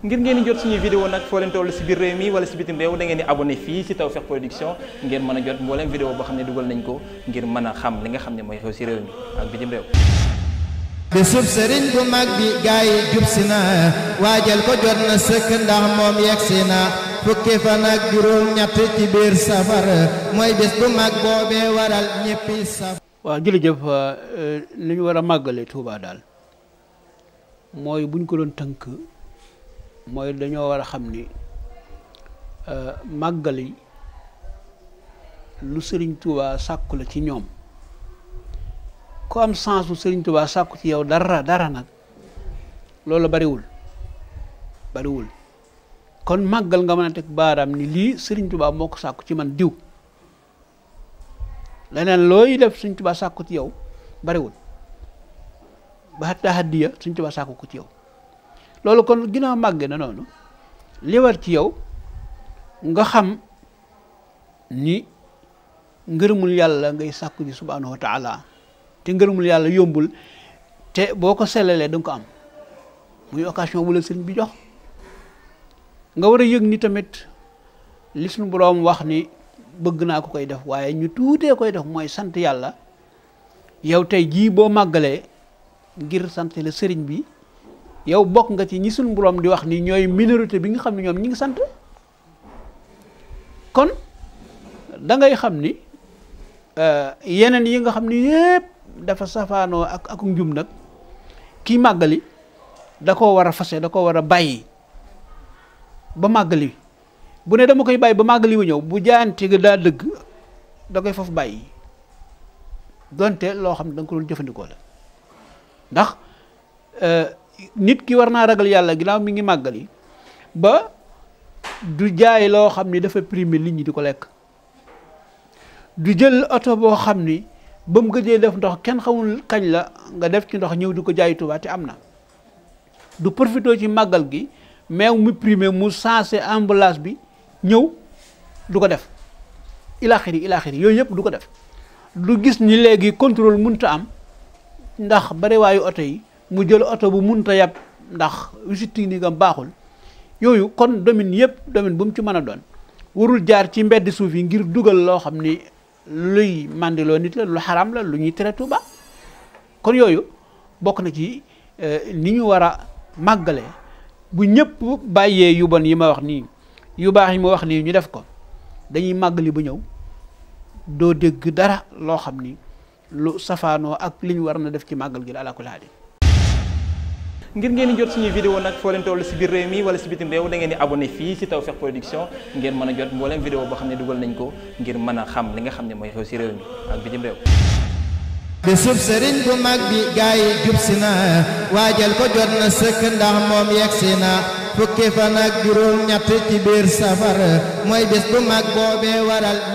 ngir ngeen jot suñuy vidéo nag foo leen si biir réew mi wala si bitim réew da ngeen di abonné fii si Tawfekh Production ngeen mën a jot mbooleem vidéo boo xam ne dugal nañ ko ngir mën a xam li nga xam ne mooy xew si réew mi bu mag bi gaa yi jub si na waajal ko jot na sëkk ndax moom yegg si na fukki fan ak juróom ñett ci biir safar mooy bés bu mag boobee waral ñëppi safar waaw jërëjëf euh, euh, li ñu war a màggale Tuubaa daal mooy buñ ko doon tënk mooy dañoo war a xam ni euh, màggali lu sëriñ Touba sàkku la ci ñoom ku am sens sëriñ Touba sàkku ci yow dara dara nag loolu bariwul bariwul kon màggal nga mën a teg baaraam ni lii sëriñ Touba moo ko sàkku ci man diw leneen looy def sëriñ Touba sàkku ci yow bariwul ba hatta hadiya sëriñ Touba sàkku ko ci yow loolu kon ginaa màgg na noonu li ci yow nga xam ni ngërëmul yàlla ngay sàkku ji subhaanahu wa te ngërëmul yàlla yombul te boo ko selalee da nga ko am muy occasion bu la sëriñ bi jox nga war a yëg ni tamit li suñu boroom wax ni bëgg naa ko koy def waaye ñu tuutee koy def mooy sant yàlla yow tey jii boo màggalee ngir sant la sëriñ bi yow bokk nga ci ñi suñu borom di wax ni ñooy minorité bi nga xam ne ñoom ñi ngi sant kon dangay xam ni euh, yeneen yi nga xam ni yëpp dafa safaanoo ak ak njum nag kii màggali da koo war a fase da koo war a bàyyi ba màggali bu ne dama koy bàyyi ba màggali wu ñëw bu jaante ga daa dëgg da koy foofu bàyyi donte loo xam ne da ko doon jëfandikoo la ndax. Euh, nit ki war naa ragal yàlla ginnaaw mu ngi màggali ba du jaay loo xam ni dafa primé nit ñi di ko lekk du jël oto boo xam ni ba mu gëjee def ndox kenn xamul kañ la nga def ci ndox ñëw di ko jaay Tuubaa te am na du profité ci màggal gi meew mu primé mu sensé emballage bi ñëw du ko def ilaaxiri ilaaxiri yooyu yëpp du ko def du gis ni léegi contrôle mënut a am ndax bariwaayu oto yi mu jël oto bu munta yab ndax visite technique baaxul yooyu kon domaine yëpp domaine bu mu ci mën a doon warul jaar ci mbedd suuf yi ngir dugal loo xam ni luy mandiloo nit la lu xaram la lu ñuy tere Tuuba kon yooyu bokk na ci eh, ni ñu war a màggale bu ñëpp bàyyee yu bon yi ma wax nii yu baax yi ma wax nii ñu def ko dañuy màggali bu ñëw doo dégg dara loo xam ni lu safaanoo ak li ñu war na def ci màggal gi la alaa kulli ngir ngeen jot suñuy vidéo nag foo leen si biir réew mi wala si bitim réew da ngeen di abonné fii si Tawfekh Production ngeen mën a jot mbooleem vidéo boo xam ne dugal nañ ko ngir mën a xam li nga xam ne mooy xew si réew mi ak bitim réew bésub sëriñ bu mag bi gaa yi jub si na waajal ko jot na sëkk ndax moom yegg si na fukki fan ak juróom ñett ci biir safar mooy bés bu mag boobee waral